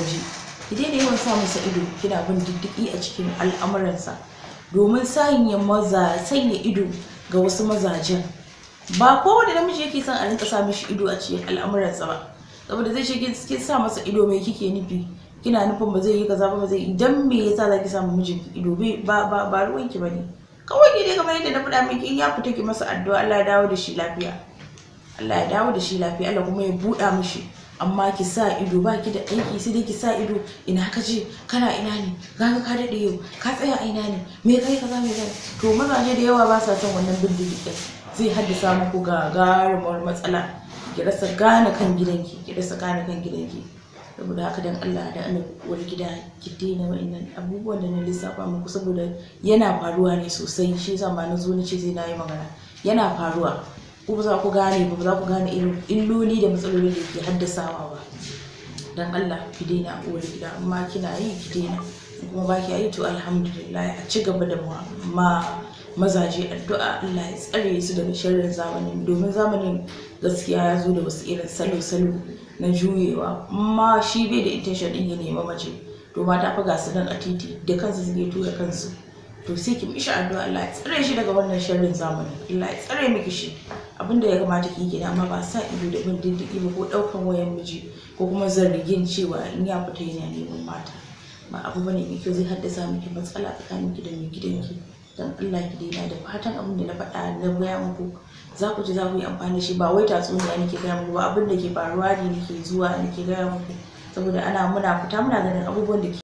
waje ki da yawan sa masa ido kina bin diddigi a cikin al'amuransa domin sanya maza sanya ido ga wasu mazajen ba kowane namiji yake son a rinka sa mishi ido a cikin al'amuransa ba saboda zai shige kin sa masa ido mai kike nufi kina nufin ba zai yi kaza ba ba zai idan me yasa zaki sa mu mijinki ido ba ba ba ruwanki bane kawai ki dai kamar yadda na faɗa miki in ya fita ki masa addu'a Allah ya dawo da shi lafiya Allah ya dawo da shi lafiya Allah kuma ya buɗa mishi amma ki sa ido ba ki da aiki sai dai ki sa ido ina ka je kana ina ne kaga ka daɗe yau ka tsaya a ina ne me kai ka me kai to mazaje da yawa ba sa son wannan bindigi ɗin zai haddasa muku gagarumar matsala ki rasa gane kan gidanki ki rasa gane kan gidanki saboda haka dan Allah da Allah wani gida ki daina wa'annan abubuwan da na lissafa muku saboda yana faruwa ne sosai shi yasa ma na zo na ce zai na yi magana yana faruwa ko ba za ku gane ba za ku gane irin illoli da matsaloli da ke haddasawa ba dan Allah ki daina a uwar gida amma kina yi ki daina kuma ba ki yi to alhamdulillah a ci gaba da ma mazaje addu'a Allah ya tsare su daga sharrin zamanin domin zamanin gaskiya ya zo da wasu irin salo-salo na juyewa amma shi bai da intention din ya nema mace to mata fa ga su nan a titi da kansu suke tura kansu to sai ki mishi addu'a Allah ya tsare shi daga wannan sharrin zamani Allah ya tsare miki shi abinda ya kamata ki gida amma ba sa ido da bin diddigi ba ko daukan wayan miji ko kuma zargin cewa in ya fita yana neman mata ba abu bane mai kyau zai haddasa miki matsala tsakanin ki da mai gidanki dan Allah ki daina da fatan abin da na faɗa na gaya muku za ku ji za ku yi amfani da shi ba wai tatsuniya nake gaya muku ba abin da ke faruwa ne nake zuwa nake gaya muku saboda ana muna fita muna ganin abubuwan da ke